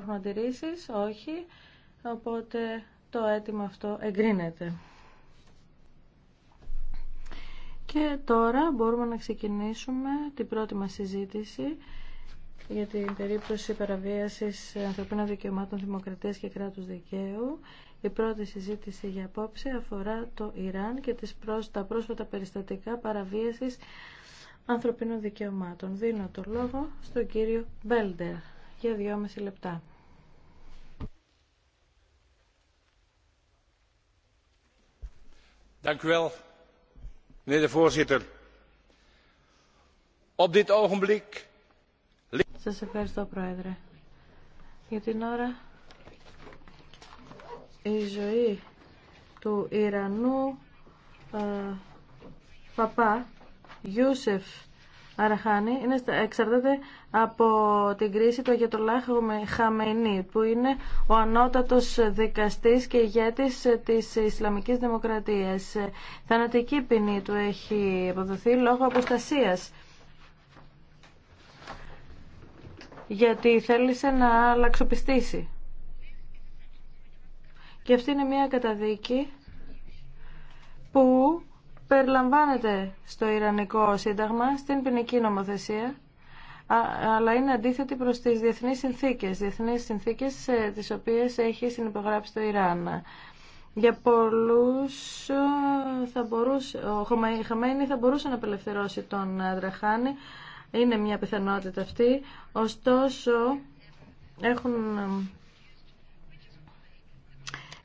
Υπάρχουν αντιρρήσεις, όχι, οπότε το αίτημα αυτό εγκρίνεται. Και τώρα μπορούμε να ξεκινήσουμε την πρώτη μας συζήτηση για την περίπτωση παραβίασης ανθρωπίνων δικαιωμάτων δημοκρατίας και κράτους δικαίου. Η πρώτη συζήτηση για απόψε αφορά το Ιράν και τις προς, τα πρόσφατα περιστατικά παραβίασης ανθρωπίνων δικαιωμάτων. Δίνω το λόγο στον κύριο Μπέλντερ για 2,5 λεπτά. Σας ευχαριστώ, Πρόεδρε. Για την ώρα, η ζωή του Ιρανού ε, παπά Γιούσεφ Αραχάνη είναι, εξαρτάται από την κρίση του Αγιατολάχ Χαμενή, που είναι ο ανώτατος δικαστής και ηγέτης της Ισλαμικής Δημοκρατίας. Θανατική ποινή του έχει αποδοθεί λόγω αποστασίας. Γιατί θέλησε να αλλαξοπιστήσει. Και αυτή είναι μια καταδίκη που περιλαμβάνεται στο Ιρανικό Σύνταγμα, στην ποινική νομοθεσία, αλλά είναι αντίθετη προς τις διεθνείς συνθήκες, διεθνείς συνθήκες ε, τις οποίες έχει συνυπογράψει το Ιράν. Για πολλούς ε, θα μπορούσε, ο Χαμένη θα μπορούσε να απελευθερώσει τον Αντραχάνη, ε, είναι μια πιθανότητα αυτή, ωστόσο έχουν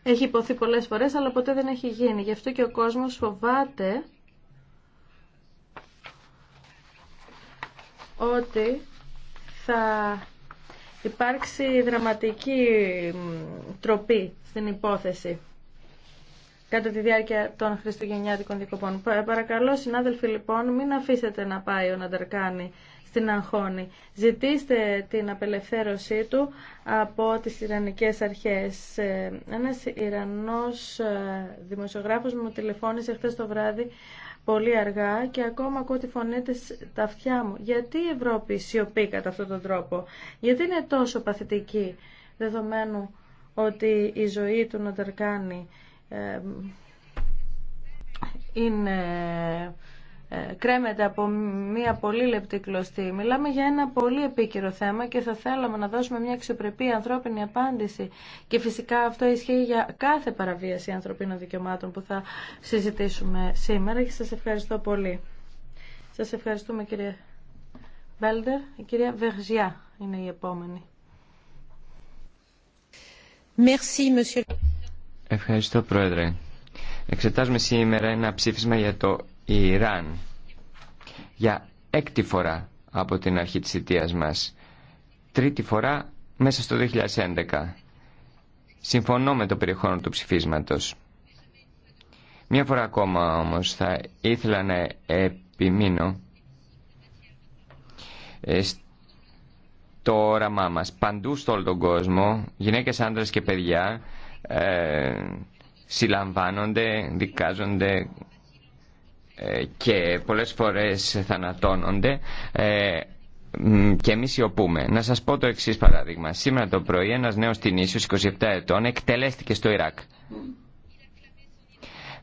έχει υποθεί πολλές φορές, αλλά ποτέ δεν έχει γίνει. Γι' αυτό και ο κόσμος φοβάται ότι θα υπάρξει δραματική τροπή στην υπόθεση κατά τη διάρκεια των χριστουγεννιάτικων δικοπών. Παρακαλώ, συνάδελφοι, λοιπόν, μην αφήσετε να πάει ο Ναντερκάνη στην Αγχώνη. Ζητήστε την απελευθέρωσή του από τις Ιρανικές αρχές. Ε, ένας Ιρανός ε, δημοσιογράφος μου τηλεφώνησε χθε το βράδυ πολύ αργά και ακόμα ακούω τη φωνή της τα αυτιά μου. Γιατί η Ευρώπη σιωπή κατά αυτόν τον τρόπο. Γιατί είναι τόσο παθητική δεδομένου ότι η ζωή του να ε, είναι ε, κρέμεται από μια πολύ λεπτή κλωστή. Μιλάμε για ένα πολύ επίκαιρο θέμα και θα θέλαμε να δώσουμε μια αξιοπρεπή ανθρώπινη απάντηση. Και φυσικά αυτό ισχύει για κάθε παραβίαση ανθρωπίνων δικαιωμάτων που θα συζητήσουμε σήμερα και σας ευχαριστώ πολύ. Σας ευχαριστούμε κύριε Μπέλντερ. Η κυρία Βεργιά είναι η επόμενη. Merci, Ευχαριστώ Πρόεδρε. Εξετάζουμε σήμερα ένα ψήφισμα για το η Ιράν για έκτη φορά από την αρχή της θητείας μας. Τρίτη φορά μέσα στο 2011. Συμφωνώ με το περιεχόμενο του ψηφίσματος. Μια φορά ακόμα όμως θα ήθελα να επιμείνω ε, στο όραμά μας. Παντού στο όλο τον κόσμο, γυναίκες, άντρες και παιδιά ε, συλλαμβάνονται, δικάζονται, ε, και πολλές φορές θανατώνονται ε, και εμεί σιωπούμε. Να σας πω το εξής παράδειγμα. Σήμερα το πρωί ένα νέο Τινήσιο, 27 ετών, εκτελέστηκε στο Ιράκ.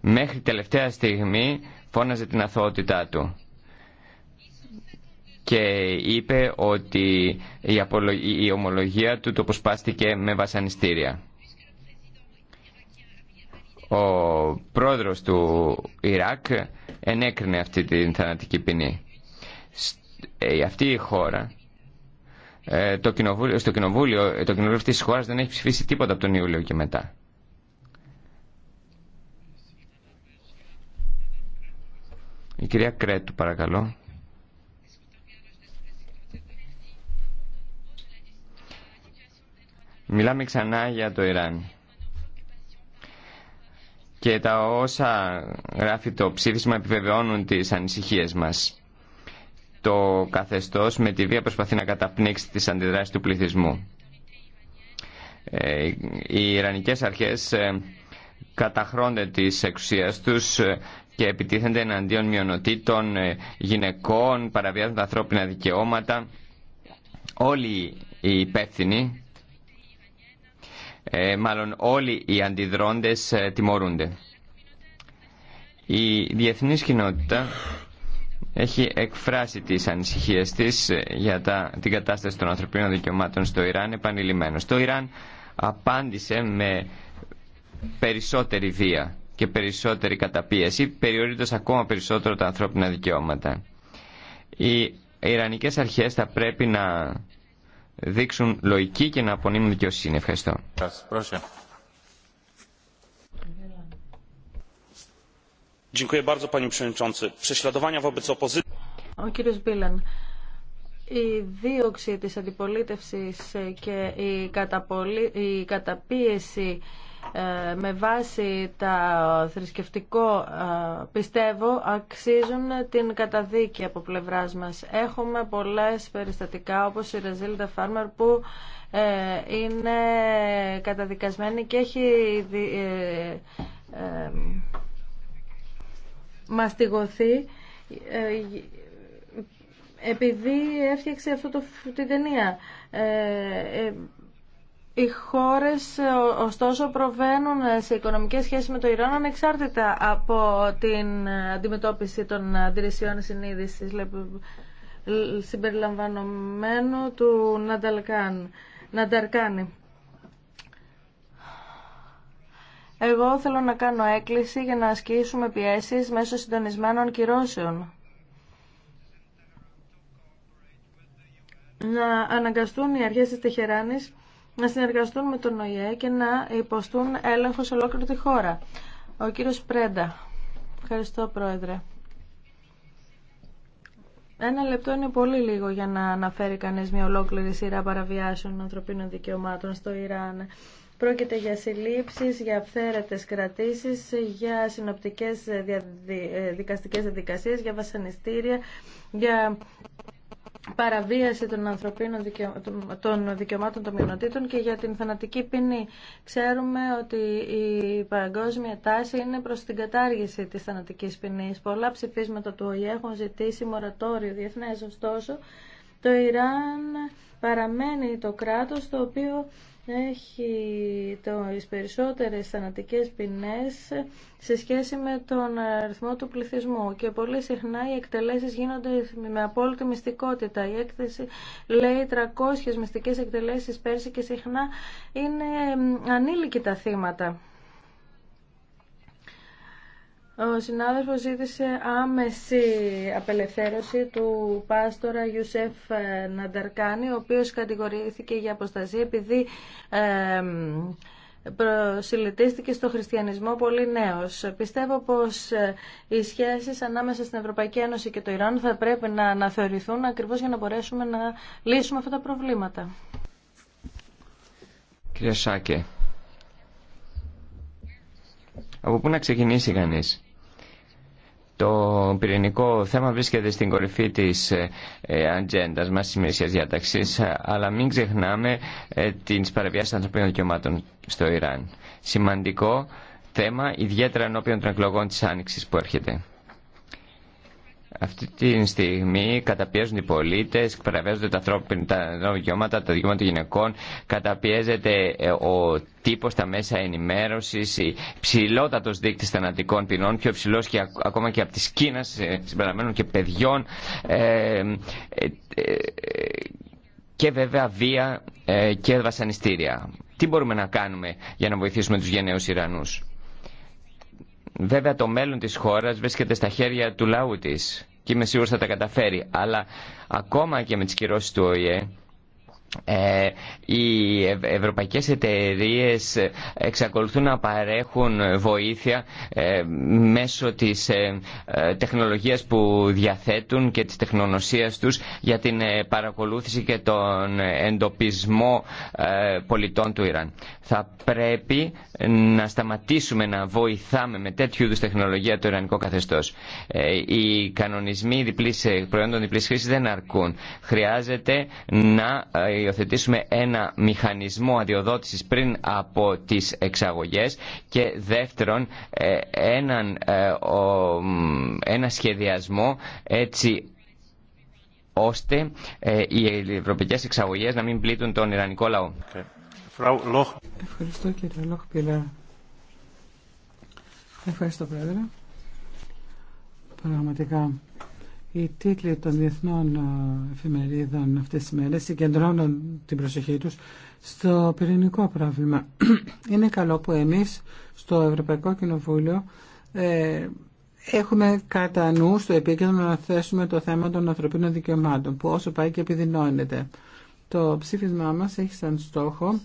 Μέχρι τελευταία στιγμή φώναζε την αθωότητά του και είπε ότι η ομολογία του το με βασανιστήρια. Ο πρόεδρος του Ιράκ ενέκρινε αυτή την θανατική ποινή. Ε, αυτή η χώρα, ε, το κοινοβούλιο, στο κοινοβούλιο, ε, το κοινοβούλιο αυτής της χώρας δεν έχει ψηφίσει τίποτα από τον Ιούλιο και μετά. Η κυρία Κρέτου, παρακαλώ. Μιλάμε ξανά για το Ιράν και τα όσα γράφει το ψήφισμα επιβεβαιώνουν τις ανησυχίες μας. Το καθεστώς με τη βία προσπαθεί να καταπνίξει τις αντιδράσεις του πληθυσμού. Ε, οι Ιρανικές αρχές ε, καταχρώνται της εξουσίας τους ε, και επιτίθενται εναντίον μειονοτήτων, γυναικών, παραβιάζουν τα ανθρώπινα δικαιώματα. Όλοι οι υπεύθυνοι ε, μάλλον όλοι οι αντιδρόντες ε, τιμωρούνται. Η διεθνής κοινότητα έχει εκφράσει τις ανησυχίες της ε, για τα, την κατάσταση των ανθρωπίνων δικαιωμάτων στο Ιράν επανειλημμένως. Το Ιράν απάντησε με περισσότερη βία και περισσότερη καταπίεση, περιορίζοντας ακόμα περισσότερο τα ανθρώπινα δικαιώματα. Οι Ιρανικές αρχές θα πρέπει να δείξουν λογική και να απονείμουν δικαιοσύνη. Ευχαριστώ. Ο κύριος Μπίλαν, η δίωξη της αντιπολίτευσης και η, η καταπίεση ε, με βάση τα θρησκευτικό ε, πιστεύω αξίζουν την καταδίκη από πλευράς μας. Έχουμε πολλές περιστατικά όπως η Ρεζίλτα Φάρμαρ που ε, είναι καταδικασμένη και έχει μαστιγωθεί επειδή έφτιαξε αυτό το, την ταινία. Ε, οι χώρες ωστόσο προβαίνουν σε οικονομικές σχέσεις με το Ιράν ανεξάρτητα από την αντιμετώπιση των αντιρρησιών συνείδησης συμπεριλαμβανομένου του Νανταρκάνη. Εγώ θέλω να κάνω έκκληση για να ασκήσουμε πιέσεις μέσω συντονισμένων κυρώσεων. Να αναγκαστούν οι αρχές της Τεχεράνης να συνεργαστούν με τον ΟΗΕ και να υποστούν έλεγχο σε ολόκληρη τη χώρα. Ο κύριος Πρέντα. Ευχαριστώ, Πρόεδρε. Ένα λεπτό είναι πολύ λίγο για να αναφέρει κανείς μια ολόκληρη σειρά παραβιάσεων ανθρωπίνων δικαιωμάτων στο Ιράν. Πρόκειται για συλλήψεις, για αυθαίρετες κρατήσεις, για συνοπτικές ε, δικαστικές διαδικασίες, για βασανιστήρια, για παραβίαση των ανθρωπίνων των δικαιωμάτων των μειονοτήτων και για την θανατική ποινή. Ξέρουμε ότι η παγκόσμια τάση είναι προς την κατάργηση της θανατικής ποινής. Πολλά ψηφίσματα του ΟΗΕ έχουν ζητήσει μορατόριο διεθνές, ωστόσο το Ιράν παραμένει το κράτος το οποίο έχει το, τις περισσότερες θανατικές ποινές σε σχέση με τον αριθμό του πληθυσμού και πολύ συχνά οι εκτελέσεις γίνονται με απόλυτη μυστικότητα. Η έκθεση λέει 300 μυστικές εκτελέσεις πέρσι και συχνά είναι ανήλικη τα θύματα. Ο συνάδελφος ζήτησε άμεση απελευθέρωση του πάστορα Ιουσέφ Νανταρκάνη, ο οποίος κατηγορήθηκε για αποστασία επειδή προσιλητήστηκε στο χριστιανισμό πολύ νέος. Πιστεύω πως ε, οι σχέσεις ανάμεσα στην Ευρωπαϊκή Ένωση και το Ιράν θα πρέπει να αναθεωρηθούν ακριβώς για να μπορέσουμε να λύσουμε αυτά τα προβλήματα. Κύριε Σάκε, από πού να ξεκινήσει κανείς. Το πυρηνικό θέμα βρίσκεται στην κορυφή της ε, ε, ατζέντα μας, τη ημερησίας διάταξης, αλλά μην ξεχνάμε ε, τις παραβιάσεις ανθρωπίνων δικαιωμάτων στο Ιράν. Σημαντικό θέμα, ιδιαίτερα ενώπιον των εκλογών της Άνοιξης που έρχεται. Αυτή τη στιγμή καταπιέζουν οι πολίτε, εκπαιδεύονται τα ανθρώπινα δικαιώματα, τα δικαιώματα των γυναικών, καταπιέζεται ε, ο τύπο, τα μέσα ενημέρωση, ψηλότατο δείκτη θανατικών ποινών, πιο ψηλό και ακόμα και από τη Κίνα, ε, συμπεραμένων και παιδιών. Ε, ε, και βέβαια βία και βασανιστήρια. Τι μπορούμε να κάνουμε για να βοηθήσουμε του γενναίου Ιρανού. Βέβαια το μέλλον της χώρας βρίσκεται στα χέρια του λαού της και είμαι σίγουρος θα τα καταφέρει. Αλλά ακόμα και με τις κυρώσεις του ΟΗΕ ε, οι ευρωπαϊκές εταιρείες εξακολουθούν να παρέχουν βοήθεια ε, μέσω της ε, τεχνολογίας που διαθέτουν και της τεχνονοσίας τους για την παρακολούθηση και τον εντοπισμό πολιτών του Ιράν. Θα πρέπει να σταματήσουμε να βοηθάμε με τέτοιου είδους τεχνολογία το Ιρανικό καθεστώς. Οι κανονισμοί διπλής, προϊόντων διπλής χρήσης δεν αρκούν. Χρειάζεται να υιοθετήσουμε ένα μηχανισμό αδειοδότησης πριν από τις εξαγωγές και δεύτερον ε, έναν, ε, ένα σχεδιασμό έτσι ώστε ε, οι ευρωπαϊκές εξαγωγές να μην πλήττουν τον Ιρανικό λαό. Ευχαριστώ κύριε Λόχ Ευχαριστώ πρόεδρε. Πραγματικά οι τίτλοι των διεθνών εφημερίδων αυτές τις μέρες συγκεντρώνουν την προσοχή τους στο πυρηνικό πρόβλημα. Είναι καλό που εμείς στο Ευρωπαϊκό Κοινοβούλιο ε, έχουμε κατά νου στο επίκεντρο να θέσουμε το θέμα των ανθρωπίνων δικαιωμάτων που όσο πάει και επιδεινώνεται. Το ψήφισμά μας έχει σαν στόχο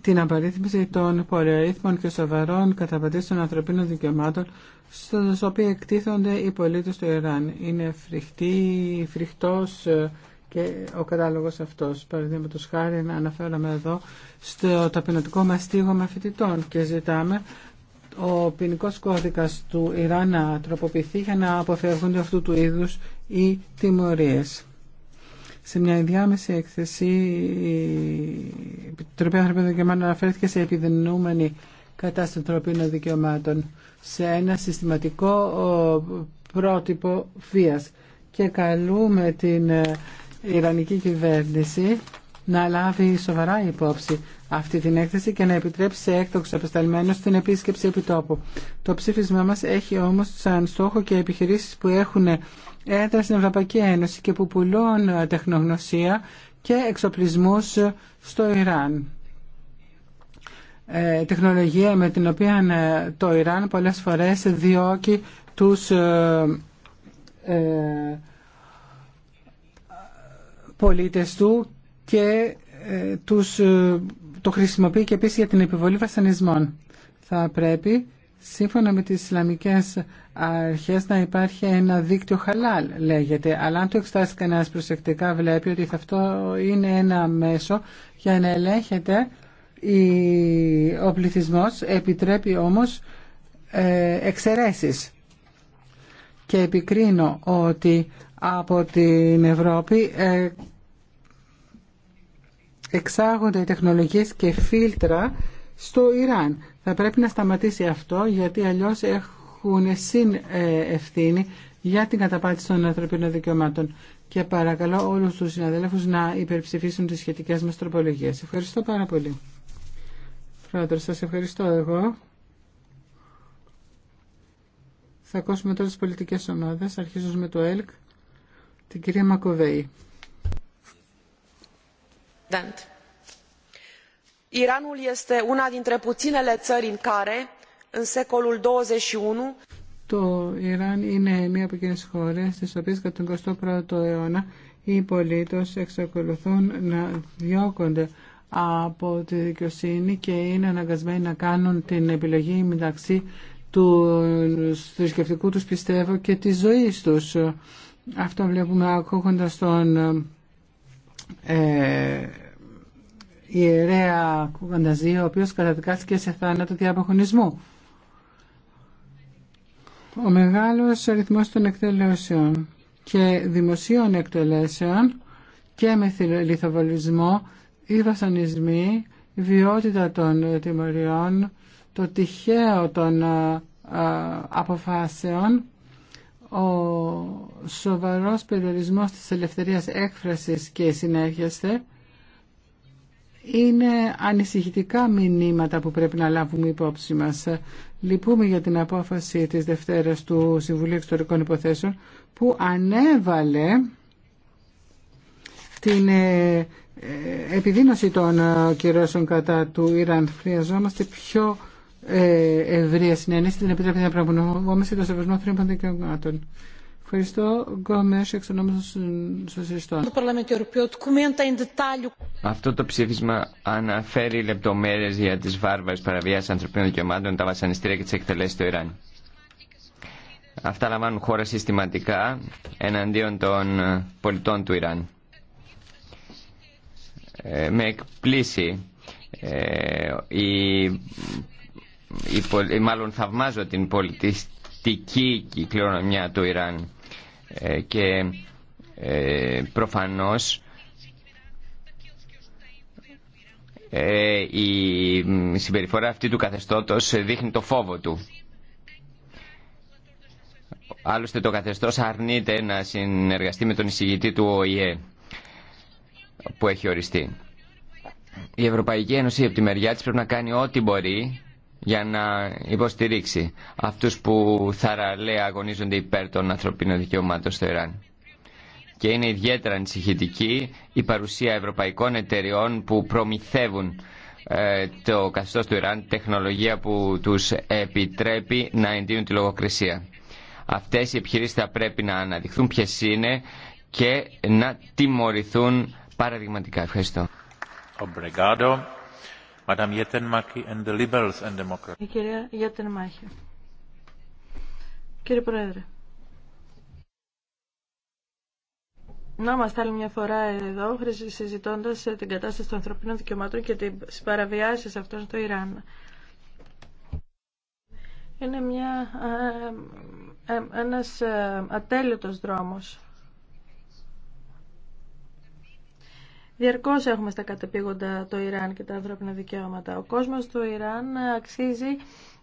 την απαρίθμηση των πολυαρίθμων και σοβαρών καταπατήσεων ανθρωπίνων δικαιωμάτων στους οποίους εκτίθονται οι πολίτες του Ιράν. Είναι φρικτή, φρικτός ε, και ο κατάλογος αυτός. Παραδείγματο χάρη να αναφέρομαι εδώ στο ταπεινωτικό μαστίγωμα φοιτητών και ζητάμε ο ποινικό κώδικας του Ιράν να τροποποιηθεί για να αποφεύγονται αυτού του είδους οι τιμωρίες σε μια ενδιάμεση έκθεση η Επιτροπή Ανθρωπίνων Δικαιωμάτων αναφέρθηκε σε επιδεινούμενη κατάσταση των ανθρωπίνων δικαιωμάτων σε ένα συστηματικό πρότυπο βίας και καλούμε την ε, Ιρανική κυβέρνηση να λάβει σοβαρά υπόψη αυτή την έκθεση και να επιτρέψει σε έκτοξου απεσταλμένου την επίσκεψη επιτόπου. Το ψήφισμά μα έχει όμω σαν στόχο και επιχειρήσει που έχουν έδρα στην Ευρωπαϊκή Ένωση και που πουλούν ε, τεχνογνωσία και εξοπλισμού στο Ιράν. Ε, τεχνολογία με την οποία ε, το Ιράν πολλές φορές διώκει τους πολίτες του και ε, τους, ε, το χρησιμοποιεί και επίσης για την επιβολή βασανισμών. Θα πρέπει σύμφωνα με τις Ισλαμικές αρχές να υπάρχει ένα δίκτυο χαλάλ λέγεται, αλλά αν το εξετάσει κανένας προσεκτικά βλέπει ότι αυτό είναι ένα μέσο για να ελέγχεται ο πληθυσμός, επιτρέπει όμως ε, εξαιρέσεις. Και επικρίνω ότι από την Ευρώπη εξάγονται τεχνολογίες και φίλτρα στο Ιράν. Θα πρέπει να σταματήσει αυτό γιατί αλλιώς έχουν συν ε, ευθύνη για την καταπάτηση των ανθρωπίνων δικαιωμάτων. Και παρακαλώ όλους τους συναδέλφους να υπερψηφίσουν τις σχετικές μας τροπολογίες. Ευχαριστώ πάρα πολύ. Πρόεδρος, σας ευχαριστώ εγώ. Θα ακούσουμε τώρα τις πολιτικές ομάδες, αρχίζοντας με το ΕΛΚ, την κυρία Μακοβέη το Ιράν είναι μία από εκείνες χώρες στις οποίες κατά τον 21ο αιώνα οι πολίτες εξακολουθούν να διώκονται από τη δικαιοσύνη και είναι αναγκασμένοι να κάνουν την επιλογή μεταξύ του θρησκευτικού τους πιστεύω και της ζωής τους. Αυτό βλέπουμε ακούγοντας τον ε, η ιερέα Κουγανταζή, ο οποίος καταδικάστηκε σε θάνατο διαποχωνισμού. Ο μεγάλος αριθμός των εκτελέσεων και δημοσίων εκτελέσεων και με λιθοβολισμό, οι βασανισμοί, η βιότητα των τιμωριών, το τυχαίο των ε, αποφάσεων ο σοβαρός περιορισμός της ελευθερίας έκφρασης και συνέχεστε είναι ανησυχητικά μηνύματα που πρέπει να λάβουμε υπόψη μας. Λυπούμε για την απόφαση της Δευτέρας του Συμβουλίου Εξωτερικών Υποθέσεων που ανέβαλε την ε, ε, επιδείνωση των ε, κυρώσεων κατά του Ιράν. Χρειαζόμαστε πιο ε, ευρεία συνένεση την επιτρέπει να πραγματοποιούμαστε το σεβασμό θρήμα δικαιωμάτων. Ευχαριστώ. εξ των Αυτό το ψήφισμα αναφέρει λεπτομέρειες για τις βάρβαρες παραβιάσεις ανθρωπίνων δικαιωμάτων, τα βασανιστήρια και τις εκτελέσεις στο Ιράν. Αυτά λαμβάνουν χώρα συστηματικά εναντίον των πολιτών του Ιράν. Ε, με εκπλήσει ε, η μάλλον θαυμάζω την πολιτιστική κληρονομιά του Ιράν ε, και ε, προφανώς ε, η συμπεριφορά αυτή του καθεστώτος δείχνει το φόβο του. Άλλωστε το καθεστώς αρνείται να συνεργαστεί με τον εισηγητή του ΟΗΕ που έχει οριστεί. Η Ευρωπαϊκή Ένωση από τη μεριά της πρέπει να κάνει ό,τι μπορεί για να υποστηρίξει αυτούς που θαραλέα αγωνίζονται υπέρ των ανθρωπίνων δικαιωμάτων στο Ιράν. Και είναι ιδιαίτερα ανησυχητική η παρουσία ευρωπαϊκών εταιριών που προμηθεύουν ε, το καθεστώς του Ιράν τεχνολογία που τους επιτρέπει να εντείνουν τη λογοκρισία. Αυτές οι επιχειρήσεις θα πρέπει να αναδειχθούν ποιε είναι και να τιμωρηθούν παραδειγματικά. Ευχαριστώ. Η κυρία Μάχη. Κύριε Πρόεδρε. Να είμαστε άλλη μια φορά εδώ, συζητώντα ε, την κατάσταση των ανθρωπίνων δικαιωμάτων και τι παραβιάσει αυτών στο Ιράν. Είναι μια, ε, δρόμο. Ε, ε, ένας ατέλειωτος δρόμος Διαρκώ έχουμε στα κατεπήγοντα το Ιράν και τα ανθρώπινα δικαιώματα. Ο κόσμος του Ιράν αξίζει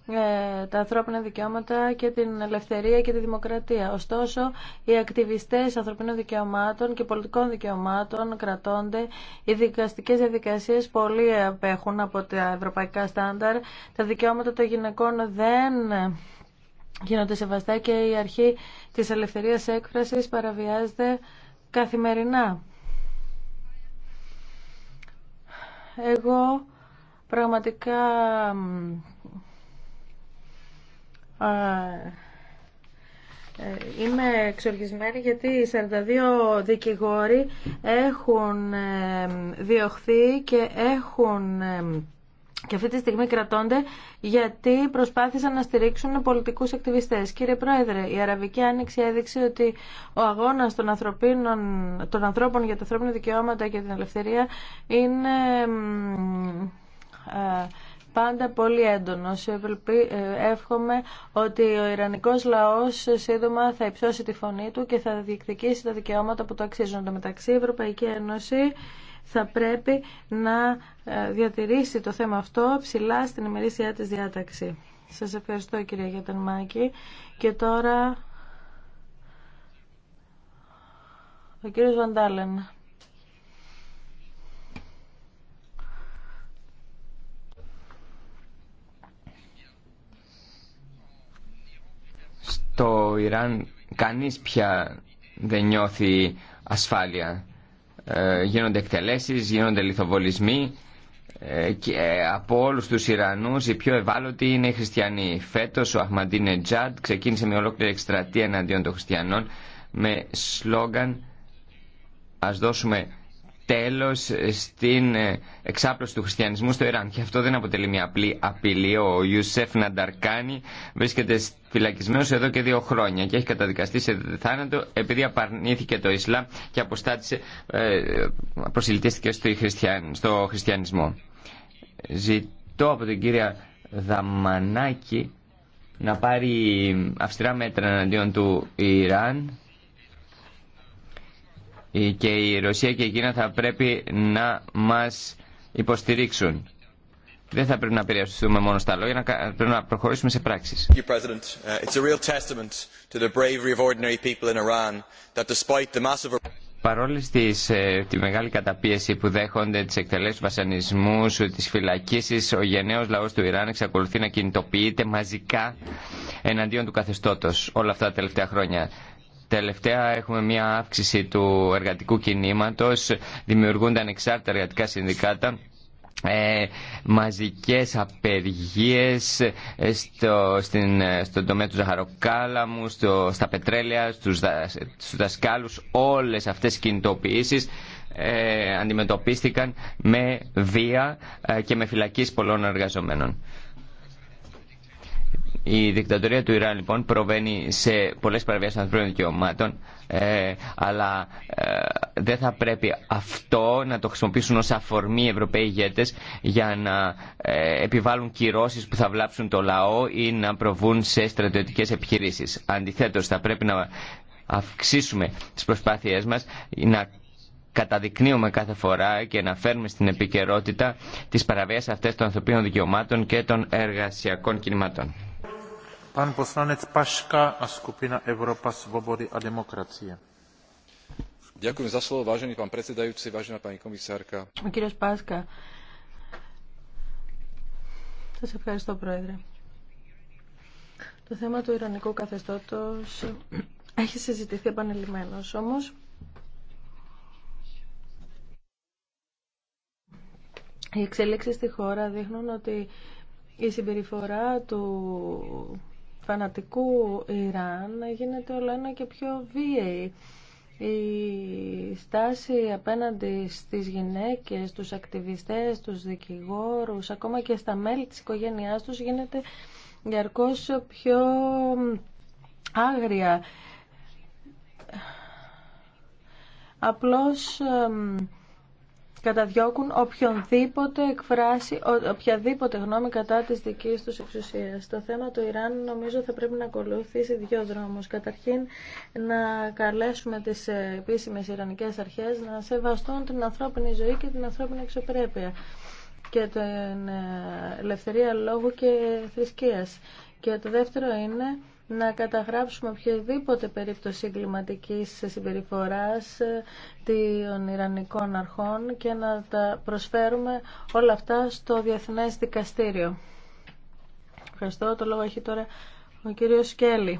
ε, τα ανθρώπινα δικαιώματα και την ελευθερία και τη δημοκρατία. Ωστόσο, οι ακτιβιστέ ανθρωπίνων δικαιωμάτων και πολιτικών δικαιωμάτων κρατώνται. Οι δικαστικέ διαδικασίες πολύ απέχουν από τα ευρωπαϊκά στάνταρ. Τα δικαιώματα των γυναικών δεν γίνονται σεβαστά και η αρχή της ελευθερίας έκφρασης παραβιάζεται καθημερινά. Εγώ πραγματικά ε, Είμαι εξοργισμένη γιατί οι 42 δικηγόροι έχουν ε, διωχθεί και έχουν ε, και αυτή τη στιγμή κρατώνται γιατί προσπάθησαν να στηρίξουν πολιτικούς ακτιβιστές. Κύριε Πρόεδρε, η Αραβική Άνοιξη έδειξε ότι ο αγώνας των, ανθρώπων για τα ανθρώπινα δικαιώματα και την ελευθερία είναι ε, πάντα πολύ έντονος. Ε, εύχομαι ότι ο Ιρανικός λαός σύντομα θα υψώσει τη φωνή του και θα διεκδικήσει τα δικαιώματα που το αξίζουν. μεταξύ η Ευρωπαϊκή Ένωση θα πρέπει να ε, διατηρήσει το θέμα αυτό ψηλά στην ημερήσια της διάταξη. Σας ευχαριστώ κυρία Γιατανμάκη και τώρα ο κύριος Βαντάλεν. Στο Ιράν κανείς πια δεν νιώθει ασφάλεια. Ε, γίνονται εκτελέσεις, γίνονται λιθοβολισμοί ε, και ε, από όλους τους Ιρανούς οι πιο ευάλωτοι είναι οι χριστιανοί. Φέτος ο Αχμαντίνε Τζάντ ξεκίνησε με ολόκληρη εκστρατεία εναντίον των χριστιανών με σλόγγαν «Ας δώσουμε τέλος στην ε, εξάπλωση του χριστιανισμού στο Ιράν. Και αυτό δεν αποτελεί μια απλή απειλή. Ο Ιουσέφ Νανταρκάνη βρίσκεται φυλακισμένος εδώ και δύο χρόνια και έχει καταδικαστεί σε θάνατο επειδή απαρνήθηκε το Ισλάμ και αποστάτησε, ε, προσιλητήθηκε στο χριστιανισμό. Ζητώ από την κυρία Δαμανάκη να πάρει αυστηρά μέτρα εναντίον του Ιράν ε, και η Ρωσία και η Κίνα θα πρέπει να μας υποστηρίξουν. Δεν θα πρέπει να περιοριστούμε μόνο στα λόγια, πρέπει να προχωρήσουμε σε πράξεις. στις, uh, τις, ε, τη μεγάλη καταπίεση που δέχονται, τις εκτελέσεις βασανισμού, τις φυλακίσεις, ο γενναίος λαός του Ιράν εξακολουθεί να κινητοποιείται μαζικά εναντίον του καθεστώτος όλα αυτά τα τελευταία χρόνια. Τελευταία έχουμε μια αύξηση του εργατικού κινήματος, δημιουργούνται ανεξάρτητα εργατικά συνδικάτα, ε, μαζικές απεργίες ε, στο, στην, ε, στον τομέα του ζαχαροκάλαμου, στο, στα πετρέλαια, στους, δα, στους δασκάλους, όλες αυτές οι κινητοποιήσεις ε, αντιμετωπίστηκαν με βία ε, και με φυλακής πολλών εργαζομένων. Η δικτατορία του Ιράν λοιπόν προβαίνει σε πολλές παραβιάσεις ανθρώπινων δικαιωμάτων ε, αλλά ε, δεν θα πρέπει αυτό να το χρησιμοποιήσουν ως αφορμή οι Ευρωπαίοι ηγέτες για να ε, επιβάλλουν κυρώσεις που θα βλάψουν το λαό ή να προβούν σε στρατιωτικές επιχειρήσεις. Αντιθέτως θα πρέπει να αυξήσουμε τις προσπάθειές μας να καταδεικνύουμε κάθε φορά και να φέρνουμε στην επικαιρότητα τις παραβιάσεις αυτές των ανθρωπίνων δικαιωμάτων και των εργασιακών κινημάτων. Pan poslanec Πάσκα, σας ευχαριστώ Πρόεδρε. Το θέμα του Ιρανικού καθεστώτος έχει συζητηθεί επανειλημμένως, όμως οι εξελίξεις στη χώρα δείχνουν ότι η συμπεριφορά του φανατικού Ιράν γίνεται όλο ένα και πιο βίαιη. Η στάση απέναντι στις γυναίκες, τους ακτιβιστές, τους δικηγόρους, ακόμα και στα μέλη της οικογένειάς τους γίνεται διαρκώς πιο άγρια. Απλώς καταδιώκουν οποιονδήποτε εκφράσει οποιαδήποτε γνώμη κατά της δικής τους εξουσίας. Το θέμα του Ιράν νομίζω θα πρέπει να ακολουθήσει δύο δρόμους. Καταρχήν να καλέσουμε τις επίσημες Ιρανικές αρχές να σεβαστούν την ανθρώπινη ζωή και την ανθρώπινη εξωπρέπεια και την ε, ελευθερία λόγου και θρησκείας. Και το δεύτερο είναι να καταγράψουμε οποιαδήποτε περίπτωση εγκληματικής συμπεριφοράς ε, των Ιρανικών αρχών και να τα προσφέρουμε όλα αυτά στο Διεθνές Δικαστήριο. Ευχαριστώ. Το λόγο έχει τώρα ο κύριος Σκέλη.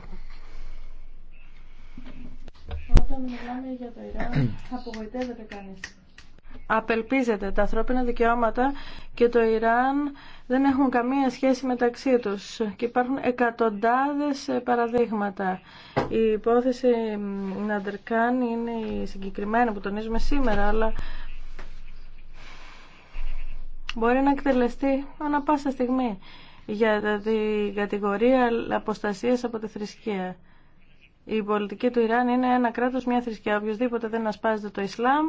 Όταν μιλάμε για το Ιράν, απογοητεύεται κανείς απελπίζεται. Τα ανθρώπινα δικαιώματα και το Ιράν δεν έχουν καμία σχέση μεταξύ τους και υπάρχουν εκατοντάδες ε, παραδείγματα. Η υπόθεση Ναντερκάν είναι η συγκεκριμένη που τονίζουμε σήμερα, αλλά μπορεί να εκτελεστεί ανά πάσα στιγμή για την κατηγορία αποστασίας από τη θρησκεία. Η πολιτική του Ιράν είναι ένα κράτος, μια θρησκεία. οποιοδήποτε δεν ασπάζεται το Ισλάμ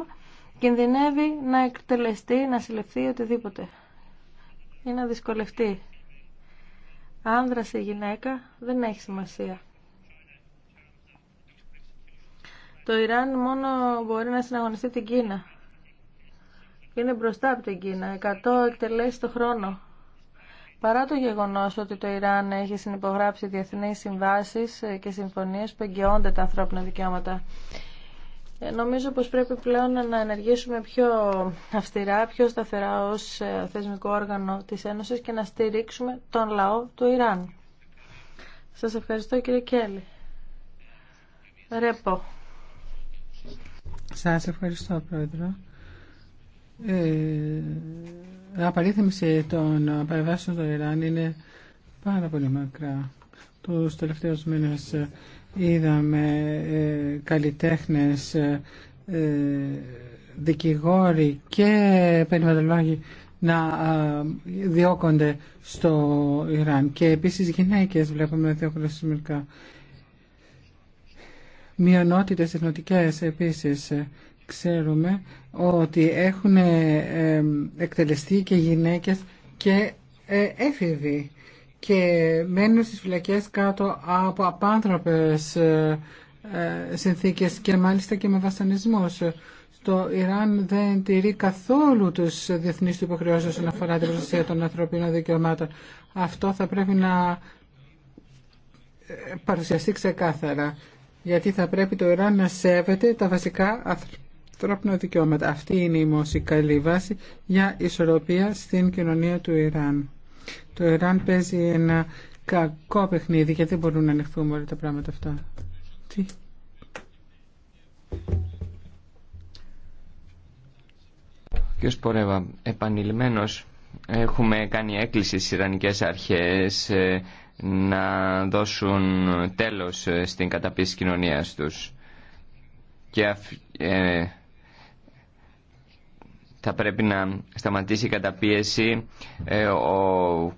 κινδυνεύει να εκτελεστεί, να συλληφθεί οτιδήποτε ή να δυσκολευτεί. Άνδρας ή γυναίκα δεν έχει σημασία. Το Ιράν μόνο μπορεί να συναγωνιστεί την Κίνα. Είναι μπροστά από την Κίνα, 100 εκτελέσει το χρόνο. Παρά το γεγονός ότι το Ιράν έχει συνυπογράψει διεθνείς συμβάσεις και συμφωνίες που εγγυώνται τα ανθρώπινα δικαιώματα. Ε, νομίζω πως πρέπει πλέον να ενεργήσουμε πιο αυστηρά, πιο σταθερά ως ε, θεσμικό όργανο της Ένωσης και να στηρίξουμε τον λαό του Ιράν. Σας ευχαριστώ κύριε Κέλλη. Ρέπο. Σας ευχαριστώ πρόεδρο. Ε, απαρίθμηση των παρεμβάσεων του Ιράν είναι πάρα πολύ μακρά. Τους τελευταίους μήνες Είδαμε ε, καλλιτέχνες, ε, ε, δικηγόροι και περιβαλλοντολόγοι να διώκονται στο Ιράν. Και επίσης γυναίκες βλέπουμε να διώκονται μια Μειονότητες εθνοτικές επίσης ξέρουμε ότι έχουν ε, εκτελεστεί και γυναίκες και έφηβοι και μένουν στις φυλακές κάτω από απάνθρωπες ε, ε, συνθήκες και μάλιστα και με βασανισμούς. Το Ιράν δεν τηρεί καθόλου τους διεθνείς του υποχρεώσεις όσον αφορά την προστασία των ανθρωπίνων δικαιωμάτων. Αυτό θα πρέπει να ε, παρουσιαστεί ξεκάθαρα, γιατί θα πρέπει το Ιράν να σέβεται τα βασικά ανθρώπινα δικαιώματα. Αυτή είναι η μόση καλή βάση για ισορροπία στην κοινωνία του Ιράν. Το Ιράν παίζει ένα κακό παιχνίδι γιατί δεν μπορούν να ανεχθούν όλα τα πράγματα αυτά. Τι. Κύριος Πορεύα, επανειλημμένος έχουμε κάνει έκκληση στις Ιρανικές αρχές ε, να δώσουν τέλος ε, στην καταπίεση κοινωνίας τους. Και ε, θα πρέπει να σταματήσει η καταπίεση ε, ο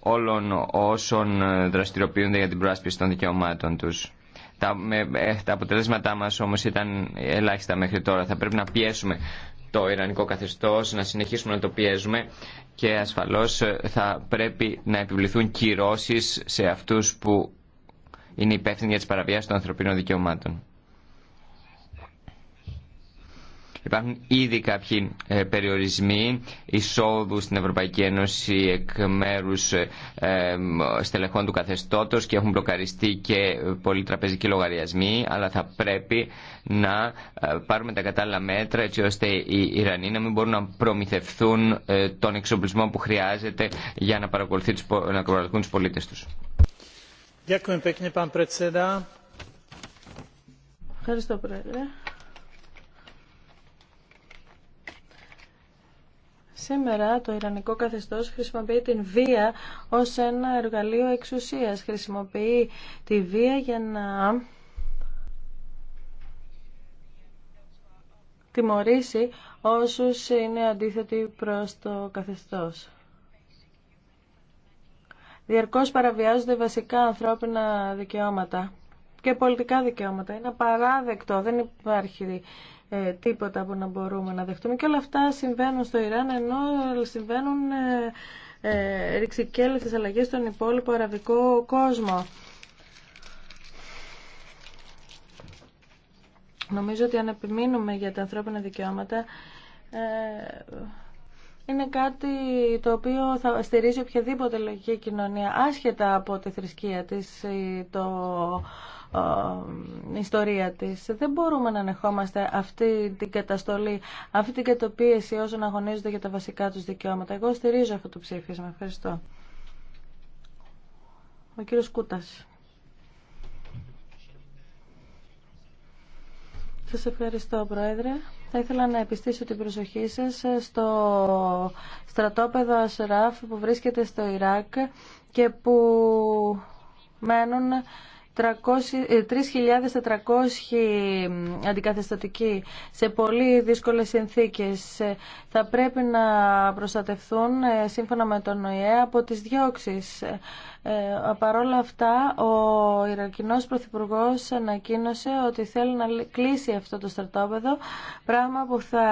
όλων όσων ε, δραστηριοποιούνται για την προάσπιση των δικαιωμάτων τους. Τα, ε, τα αποτελέσματά μας όμως ήταν ελάχιστα μέχρι τώρα. Θα πρέπει να πιέσουμε το Ιρανικό καθεστώς, να συνεχίσουμε να το πιέζουμε και ασφαλώς ε, θα πρέπει να επιβληθούν κυρώσεις σε αυτούς που είναι υπεύθυνοι για τις παραβιάσεις των ανθρωπίνων δικαιωμάτων. Υπάρχουν ήδη κάποιοι ε, περιορισμοί εισόδου στην Ευρωπαϊκή Ένωση εκ μέρου ε, στελεχών του καθεστώτο και έχουν μπλοκαριστεί και πολλοί τραπεζικοί λογαριασμοί, αλλά θα πρέπει να ε, πάρουμε τα κατάλληλα μέτρα έτσι ώστε οι Ιρανοί να μην μπορούν να προμηθευθούν τον εξοπλισμό που χρειάζεται για να παρακολουθούν του πολίτε του. Σήμερα το Ιρανικό καθεστώς χρησιμοποιεί την βία ως ένα εργαλείο εξουσίας. Χρησιμοποιεί τη βία για να τιμωρήσει όσους είναι αντίθετοι προς το καθεστώς. Διαρκώς παραβιάζονται βασικά ανθρώπινα δικαιώματα και πολιτικά δικαιώματα. Είναι απαράδεκτο, δεν υπάρχει ε, τίποτα που να μπορούμε να δεχτούμε. Και όλα αυτά συμβαίνουν στο Ιράν, ενώ συμβαίνουν ε, ε, ρηξικέλευτες αλλαγές στον υπόλοιπο αραβικό κόσμο. Νομίζω ότι αν επιμείνουμε για τα ανθρώπινα δικαιώματα, ε, είναι κάτι το οποίο θα στηρίζει οποιαδήποτε λογική κοινωνία, άσχετα από τη θρησκεία της ή το, ε, ε, ιστορία της. Δεν μπορούμε να ανεχόμαστε αυτή την καταστολή, αυτή την κατοπίεση όσων αγωνίζονται για τα βασικά τους δικαιώματα. Εγώ στηρίζω αυτό το ψήφισμα. Ευχαριστώ. Ο κύριος Κούτας. Σας ευχαριστώ, Πρόεδρε. Θα ήθελα να επιστήσω την προσοχή σας στο στρατόπεδο Ασράφ που βρίσκεται στο Ιράκ και που μένουν 3.400 αντικαθεστατικοί σε πολύ δύσκολες συνθήκες θα πρέπει να προστατευθούν ε, σύμφωνα με τον ΟΗΕ από τις διώξεις. Ε, όλα αυτά, ο Ιρακινός Πρωθυπουργό ανακοίνωσε ότι θέλει να κλείσει αυτό το στρατόπεδο, πράγμα που θα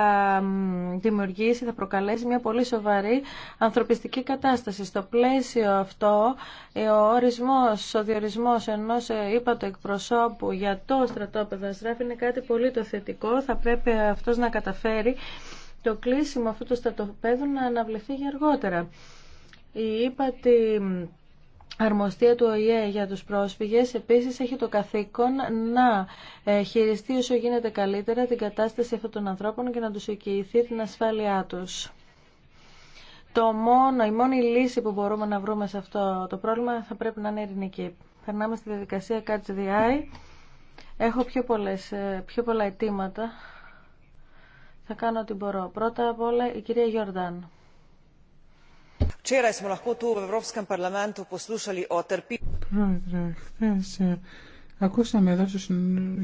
δημιουργήσει, θα προκαλέσει μια πολύ σοβαρή ανθρωπιστική κατάσταση. Στο πλαίσιο αυτό, ε, ο ορισμός, ο διορισμός ενός ε, ύπατο εκπροσώπου για το στρατόπεδο Αστράφ είναι κάτι πολύ το θετικό. Θα πρέπει αυτός να καταφέρει το κλείσιμο αυτού του στρατοπέδου να αναβληθεί για αργότερα. Η ύπατη αρμοστία του ΟΗΕ για τους πρόσφυγες επίσης έχει το καθήκον να ε, χειριστεί όσο γίνεται καλύτερα την κατάσταση αυτών των ανθρώπων και να τους οικηθεί την ασφάλειά τους. Το μόνο, η μόνη λύση που μπορούμε να βρούμε σε αυτό το πρόβλημα θα πρέπει να είναι ειρηνική. Περνάμε στη διαδικασία Catch the Eye. Έχω πιο, ε, πιο πολλά αιτήματα. Θα κάνω ό,τι μπορώ. Πρώτα απ' όλα η κυρία Γιορδάν. Πρόεδρε, χθε ακούσαμε εδώ στο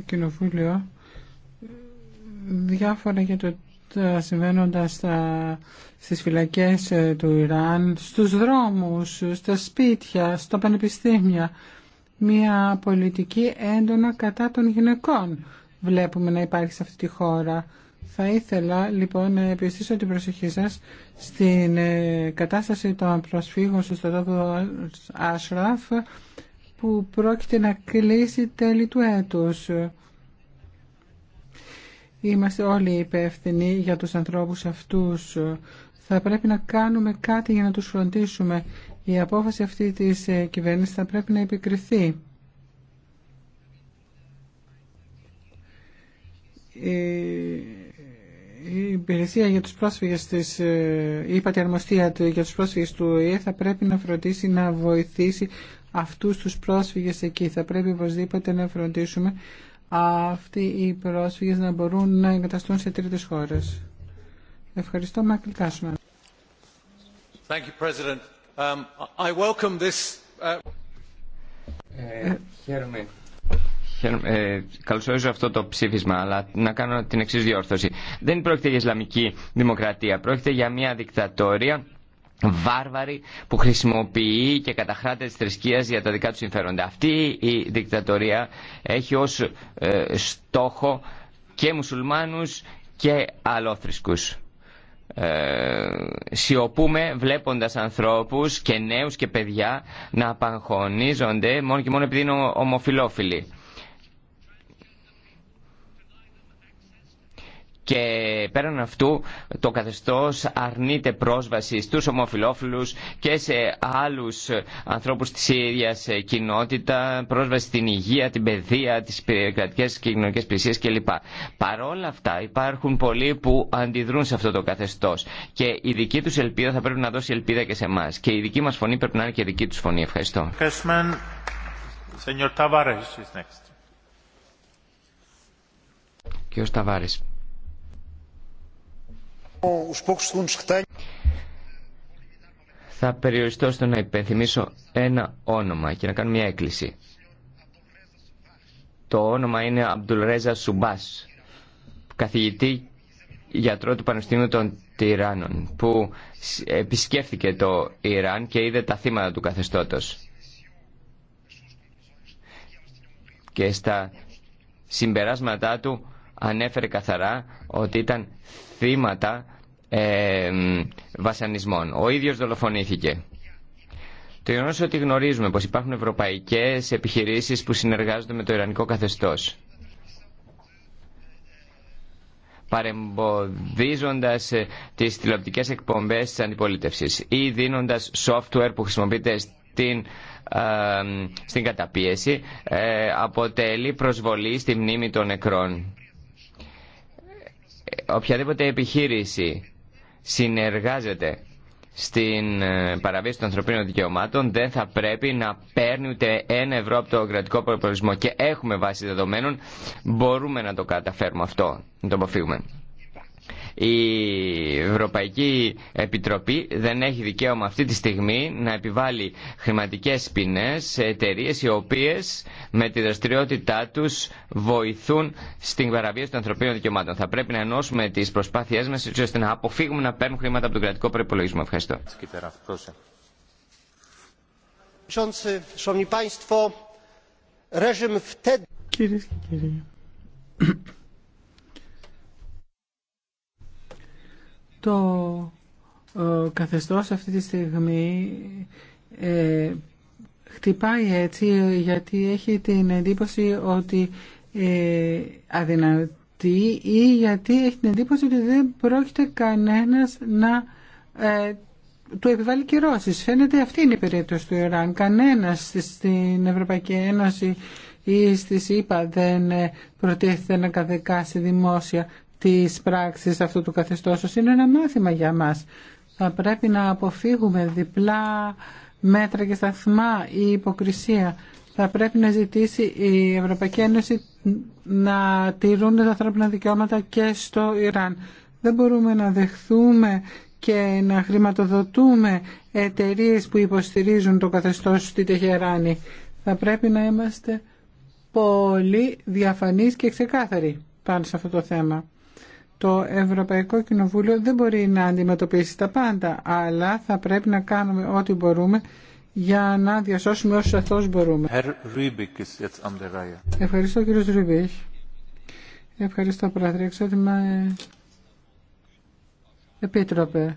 Κοινοβούλιο διάφορα για το συμβαίνοντα στα, στις φυλακές του Ιράν, στους δρόμους, στα σπίτια, στα πανεπιστήμια. Μια πολιτική έντονα κατά των γυναικών βλέπουμε να υπάρχει σε αυτή τη χώρα. Θα ήθελα λοιπόν να επιστήσω την προσοχή σας στην ε, κατάσταση των προσφύγων στο στρατόπεδο Άσραφ που πρόκειται να κλείσει τέλη του έτους. Είμαστε όλοι υπεύθυνοι για τους ανθρώπους αυτούς. Θα πρέπει να κάνουμε κάτι για να τους φροντίσουμε. Η απόφαση αυτή της ε, κυβέρνησης θα πρέπει να επικριθεί. Ε, η υπηρεσία για τους πρόσφυγες της, ε, η του για τους πρόσφυγες του ΟΗΕ θα πρέπει να φροντίσει να βοηθήσει αυτούς τους πρόσφυγες εκεί. Θα πρέπει οπωσδήποτε να φροντίσουμε αυτοί οι πρόσφυγες να μπορούν να εγκαταστούν σε τρίτες χώρες. Ευχαριστώ, Μάκλ Κάσμαν. Um, uh ε, ε, καλωσορίζω αυτό το ψήφισμα, αλλά να κάνω την εξή διόρθωση. Δεν πρόκειται για Ισλαμική δημοκρατία, πρόκειται για μια δικτατορία βάρβαρη που χρησιμοποιεί και καταχράται της θρησκείας για τα δικά του συμφέροντα. Αυτή η δικτατορία έχει ως ε, στόχο και μουσουλμάνους και αλλοθρησκούς ε, σιωπούμε βλέποντας ανθρώπους και νέους και παιδιά να απαγχωνίζονται μόνο και μόνο επειδή είναι ομοφιλόφιλοι. και πέραν αυτού το καθεστώς αρνείται πρόσβαση στους ομοφιλόφιλους και σε άλλους ανθρώπους της ίδιας κοινότητα, πρόσβαση στην υγεία, την παιδεία, τις κρατικέ και κοινωνικές πλησίες κλπ. Παρόλα αυτά υπάρχουν πολλοί που αντιδρούν σε αυτό το καθεστώς και η δική τους ελπίδα θα πρέπει να δώσει ελπίδα και σε εμά. και η δική μας φωνή πρέπει να είναι και η δική τους φωνή. Ευχαριστώ. Κύριο Σταβάρης. Θα περιοριστώ στο να υπενθυμίσω ένα όνομα και να κάνω μια έκκληση. Το όνομα είναι Αμπτουλρέζα Σουμπάς, καθηγητή γιατρό του Πανεπιστημίου των Τυράννων, που επισκέφθηκε το Ιράν και είδε τα θύματα του καθεστώτος. Και στα συμπεράσματά του ανέφερε καθαρά ότι ήταν θύματα βασανισμών. Ο ίδιος δολοφονήθηκε. Το γεγονό ότι γνωρίζουμε πως υπάρχουν ευρωπαϊκές επιχειρήσεις που συνεργάζονται με το Ιρανικό καθεστώς παρεμποδίζοντας ε, τις τηλεοπτικές εκπομπές της αντιπολίτευσης ή δίνοντας software που χρησιμοποιείται στην, στην καταπίεση ε, αποτελεί προσβολή στη μνήμη των νεκρών. Ε, οποιαδήποτε επιχείρηση συνεργάζεται στην ε, παραβίαση των ανθρωπίνων δικαιωμάτων δεν θα πρέπει να παίρνει ούτε ένα ευρώ από το κρατικό προπολογισμό και έχουμε βάση δεδομένων μπορούμε να το καταφέρουμε αυτό να το αποφύγουμε η Ευρωπαϊκή Επιτροπή δεν έχει δικαίωμα αυτή τη στιγμή να επιβάλλει χρηματικές ποινές σε εταιρείε οι οποίες με τη δραστηριότητά τους βοηθούν στην παραβίαση των ανθρωπίνων δικαιωμάτων. Θα πρέπει να ενώσουμε τις προσπάθειές μας έτσι ώστε να αποφύγουμε να παίρνουν χρήματα από τον κρατικό προϋπολογισμό. Ευχαριστώ. Το ε, καθεστώς αυτή τη στιγμή ε, χτυπάει έτσι γιατί έχει την εντύπωση ότι ε, αδυνατεί ή γιατί έχει την εντύπωση ότι δεν πρόκειται κανένας να ε, του επιβάλλει κυρώσεις. Φαίνεται αυτή είναι η περίπτωση του Ιράν. Κανένας στην Ευρωπαϊκή Ένωση ή στη ΣΥΠΑ δεν ε, προτίθεται να καδεκάσει δημόσια της πράξης αυτού του καθεστώσεως είναι ένα μάθημα για μας. Θα πρέπει να αποφύγουμε διπλά μέτρα και σταθμά ή υποκρισία. Θα πρέπει να ζητήσει η Ευρωπαϊκή Ένωση να τηρούν τα ανθρώπινα δικαιώματα και στο Ιράν. Δεν μπορούμε να δεχθούμε και να χρηματοδοτούμε εταιρείε που υποστηρίζουν το καθεστώς στη Τεχεράνη. Θα πρέπει να είμαστε πολύ διαφανείς και ξεκάθαροι πάνω σε αυτό το θέμα το Ευρωπαϊκό Κοινοβούλιο δεν μπορεί να αντιμετωπίσει τα πάντα, αλλά θα πρέπει να κάνουμε ό,τι μπορούμε για να διασώσουμε όσους αυτός μπορούμε. Ευχαριστώ κύριο Ρουμπίχ. Ευχαριστώ πρόεδρε. Εξότιμα ε, επίτροπε.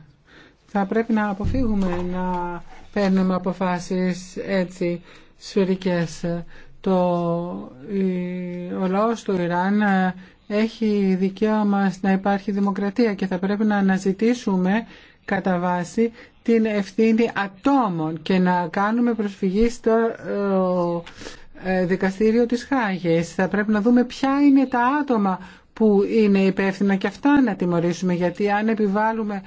Θα πρέπει να αποφύγουμε να παίρνουμε αποφάσεις έτσι σφαιρικές. Το, ο λαός του Ιράν ε, έχει δικαίωμα να υπάρχει δημοκρατία και θα πρέπει να αναζητήσουμε κατά βάση την ευθύνη ατόμων και να κάνουμε προσφυγή στο ε, ε, δικαστήριο της Χάγης. Θα πρέπει να δούμε ποια είναι τα άτομα που είναι υπεύθυνα και αυτά να τιμωρήσουμε γιατί αν επιβάλλουμε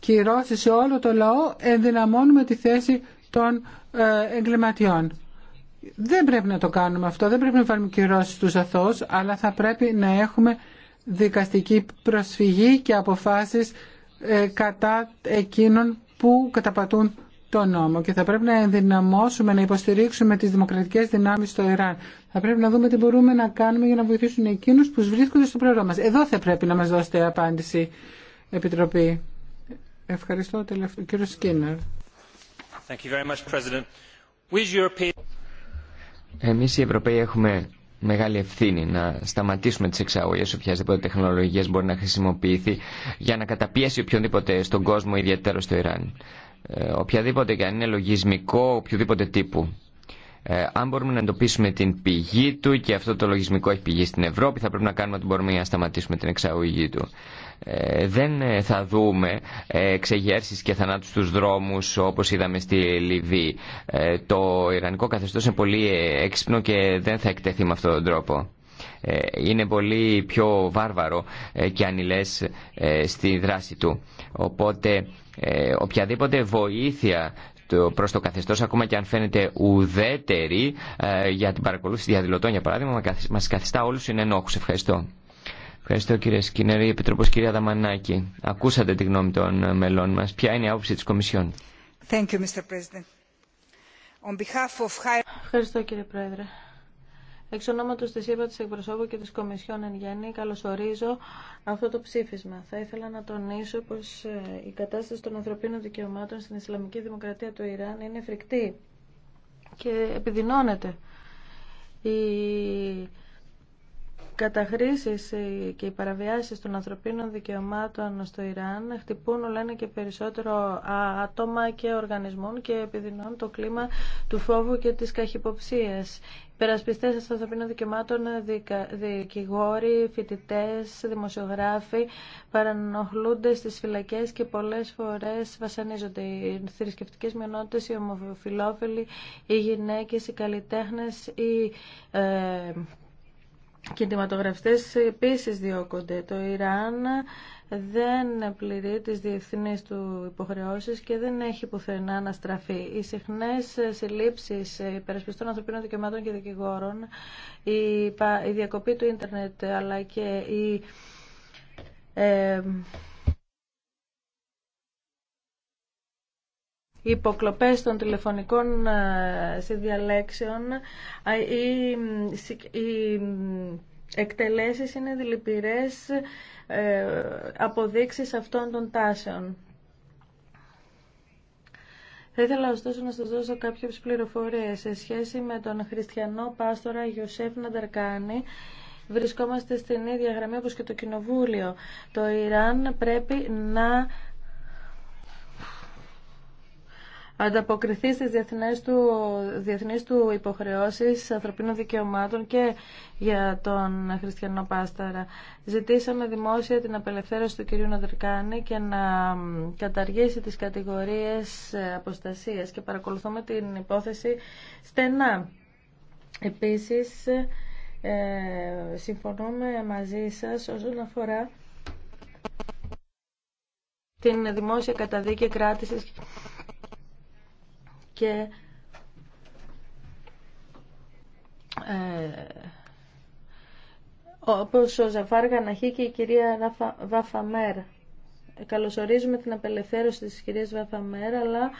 κυρώσεις σε όλο το λαό ενδυναμώνουμε τη θέση των ε, εγκληματιών δεν πρέπει να το κάνουμε αυτό, δεν πρέπει να βάλουμε κυρώσει στους αθώους, αλλά θα πρέπει να έχουμε δικαστική προσφυγή και αποφάσεις ε, κατά εκείνων που καταπατούν το νόμο και θα πρέπει να ενδυναμώσουμε, να υποστηρίξουμε τις δημοκρατικές δυνάμεις στο Ιράν. Θα πρέπει να δούμε τι μπορούμε να κάνουμε για να βοηθήσουν εκείνους που βρίσκονται στο πλευρό μας. Εδώ θα πρέπει να μας δώσετε απάντηση, Επιτροπή. Ευχαριστώ, τελευταίο. κύριο Σκίνερ. Thank you very much, President. Εμείς οι Ευρωπαίοι έχουμε μεγάλη ευθύνη να σταματήσουμε τις εξαγωγές οποιασδήποτε τεχνολογίες μπορεί να χρησιμοποιηθεί για να καταπιέσει οποιονδήποτε στον κόσμο, ιδιαίτερα στο Ιράν. Ε, οποιαδήποτε και αν είναι λογισμικό, οποιοδήποτε τύπου. Ε, αν μπορούμε να εντοπίσουμε την πηγή του και αυτό το λογισμικό έχει πηγή στην Ευρώπη, θα πρέπει να κάνουμε ό,τι μπορούμε να σταματήσουμε την εξαγωγή του. Ε, δεν ε, θα δούμε ε, εξεγέρσεις και θανάτους στους δρόμους όπως είδαμε στη Λιβύη. Το Ιρανικό καθεστώς είναι πολύ έξυπνο και δεν θα εκτεθεί με αυτόν τον τρόπο. Είναι πολύ πιο βάρβαρο και ανηλές στη δράση του. Οπότε οποιαδήποτε βοήθεια προς το καθεστώς ακόμα και αν φαίνεται ουδέτερη για την παρακολούθηση διαδηλωτών για παράδειγμα μας καθιστά όλους ενόχους. Ευχαριστώ. Ευχαριστώ κύριε Σκύνερη, Επίτροπο κυρία Δαμανάκη. Ακούσατε τη γνώμη των μελών μα, Ποια είναι η άποψη τη Κομισιόν. Ευχαριστώ κύριε Πρόεδρε. Εξ ονόματος της ΥΠΑ της Εκπροσώπου και της Κομισιόν εν γέννη, καλωσορίζω αυτό το ψήφισμα. Θα ήθελα να τονίσω πως ε, η κατάσταση των ανθρωπίνων δικαιωμάτων στην Ισλαμική Δημοκρατία του Ιράν είναι φρικτή και επιδεινώνεται. Η καταχρήσεις και οι παραβιάσεις των ανθρωπίνων δικαιωμάτων στο Ιράν χτυπούν όλα ένα και περισσότερο άτομα και οργανισμών και επιδεινώνουν το κλίμα του φόβου και της καχυποψίας. Περασπιστές των ανθρωπίνων δικαιωμάτων, δικηγόροι, φοιτητέ, δημοσιογράφοι παρανοχλούνται στις φυλακές και πολλές φορές βασανίζονται οι θρησκευτικέ μειονότητες, οι ομοφιλόφιλοι, οι γυναίκες, οι καλλιτέχνες, οι ε, Κινηματογραφιστές επίσης διώκονται. Το Ιράν δεν πληρεί τις διεθνείς του υποχρεώσεις και δεν έχει πουθενά να στραφεί. Οι συχνές συλλήψεις υπερασπιστών ανθρωπίνων δικαιωμάτων και δικηγόρων, η διακοπή του ίντερνετ αλλά και η ε, οι υποκλοπές των τηλεφωνικών ε, συνδιαλέξεων οι εκτελέσεις είναι δηληπηρές ε, αποδείξεις αυτών των τάσεων. Θα ήθελα ωστόσο να σας δώσω κάποιες πληροφορίες σε σχέση με τον χριστιανό πάστορα Ιωσέφ Νανταρκάνη, Βρισκόμαστε στην ίδια γραμμή όπως και το Κοινοβούλιο. Το Ιράν πρέπει να ανταποκριθεί στις διεθνές του, διεθνείς του υποχρεώσεις ανθρωπίνων δικαιωμάτων και για τον Χριστιανό Πάσταρα. Ζητήσαμε δημόσια την απελευθέρωση του κυρίου Ναδρικάνη και να καταργήσει τις κατηγορίες ε, αποστασίας και παρακολουθούμε την υπόθεση στενά. Επίσης, ε, συμφωνούμε μαζί σας όσον αφορά την δημόσια καταδίκη κράτησης και ε, όπως ο Ζαφάρ Γαναχή και η κυρία Βαφαμέρ. Καλωσορίζουμε την απελευθέρωση της κυρίας Βαφαμέρ, αλλά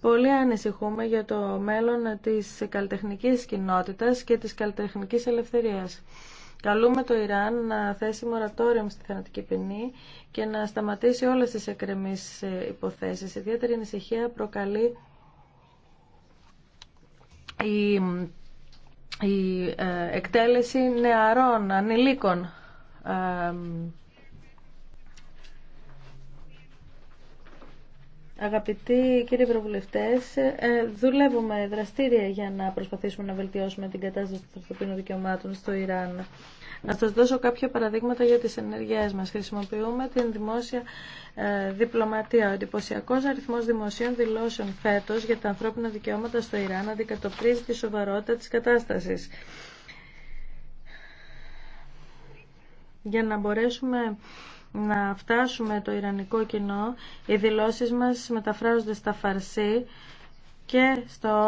πολύ ανησυχούμε για το μέλλον της καλλιτεχνικής κοινότητας και της καλλιτεχνικής ελευθερίας. Καλούμε το Ιράν να θέσει μορατόριο στη θανατική ποινή και να σταματήσει όλες τις εκκρεμείς ε, υποθέσεις. Ιδιαίτερη ανησυχία προκαλεί η, η ε, εκτέλεση νεαρών, ανηλίκων. Αγαπητοί κύριοι Ευρωβουλευτέ, ε, δουλεύουμε δραστήρια για να προσπαθήσουμε να βελτιώσουμε την κατάσταση των ανθρωπίνων δικαιωμάτων στο Ιράν. Να σας δώσω κάποια παραδείγματα για τις ενεργειές μας. Χρησιμοποιούμε την δημόσια ε, διπλωματία. Ο εντυπωσιακό αριθμό δημοσίων δηλώσεων φέτο για τα ανθρώπινα δικαιώματα στο Ιράν αντικατοπτρίζει τη σοβαρότητα τη κατάσταση. Για να μπορέσουμε να φτάσουμε το Ιρανικό κοινό, οι δηλώσεις μας μεταφράζονται στα φαρσί και στο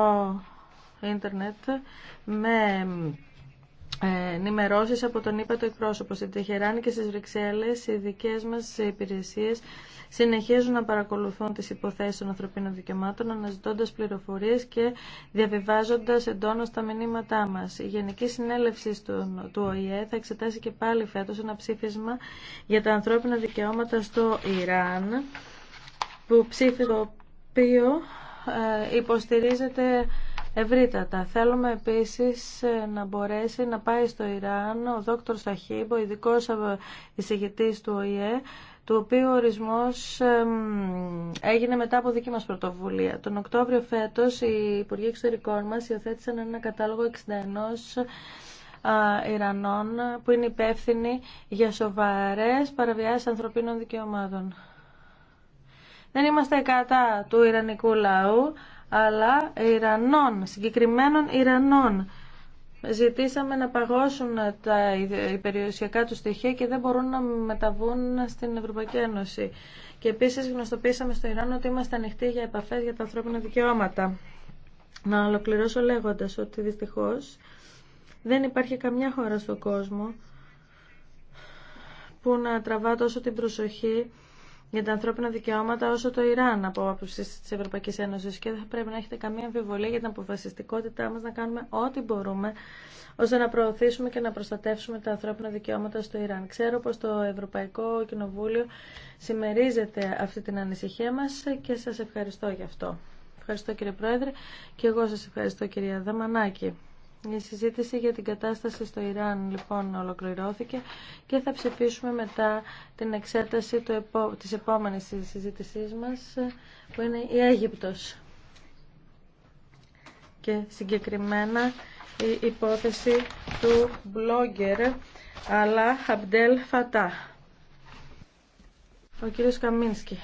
ίντερνετ με ενημερώσει από τον το εκπρόσωπο. Στην Τεχεράνη και στι Βρυξέλλε, οι δικέ μα υπηρεσίε συνεχίζουν να παρακολουθούν τι υποθέσει των ανθρωπίνων δικαιωμάτων, αναζητώντα πληροφορίε και διαβιβάζοντα εντόνω τα μηνύματά μα. Η Γενική Συνέλευση του, του ΟΗΕ θα εξετάσει και πάλι φέτο ένα ψήφισμα για τα ανθρώπινα δικαιώματα στο Ιράν, που ψήφισμα το οποίο ε, υποστηρίζεται ευρύτατα. Θέλουμε επίσης ε, να μπορέσει να πάει στο Ιράν ο δόκτωρ Σαχίμπο, ειδικό ειδικός ε, εισηγητής του ΟΗΕ, του οποίου ο ορισμός έγινε μετά από δική μας πρωτοβουλία. Τον Οκτώβριο φέτος οι Υπουργοί Εξωτερικών μας υιοθέτησαν ένα κατάλογο 61 Ιρανών που είναι υπεύθυνοι για σοβαρές παραβιάσεις ανθρωπίνων δικαιωμάτων. Δεν είμαστε κατά του Ιρανικού λαού, αλλά Ιρανών, συγκεκριμένων Ιρανών. Ζητήσαμε να παγώσουν τα υπεριοσιακά του στοιχεία και δεν μπορούν να μεταβούν στην Ευρωπαϊκή Ένωση. Και επίσης γνωστοποίησαμε στο Ιράν ότι είμαστε ανοιχτοί για επαφές για τα ανθρώπινα δικαιώματα. Να ολοκληρώσω λέγοντας ότι δυστυχώς δεν υπάρχει καμιά χώρα στον κόσμο που να τραβά τόσο την προσοχή για τα ανθρώπινα δικαιώματα όσο το Ιράν από άποψη τη Ευρωπαϊκή Ένωση και δεν θα πρέπει να έχετε καμία αμφιβολία για την αποφασιστικότητά μα να κάνουμε ό,τι μπορούμε ώστε να προωθήσουμε και να προστατεύσουμε τα ανθρώπινα δικαιώματα στο Ιράν. Ξέρω πω το Ευρωπαϊκό Κοινοβούλιο συμμερίζεται αυτή την ανησυχία μα και σα ευχαριστώ γι' αυτό. Ευχαριστώ κύριε Πρόεδρε και εγώ σα ευχαριστώ κυρία Δαμανάκη. Η συζήτηση για την κατάσταση στο Ιράν λοιπόν ολοκληρώθηκε και θα ψηφίσουμε μετά την εξέταση του επο... της επόμενης συζήτησής μας που είναι η Αίγυπτος και συγκεκριμένα η υπόθεση του blogger Αλά Αμπτέλ Φατά. Ο κύριος Καμίνσκι.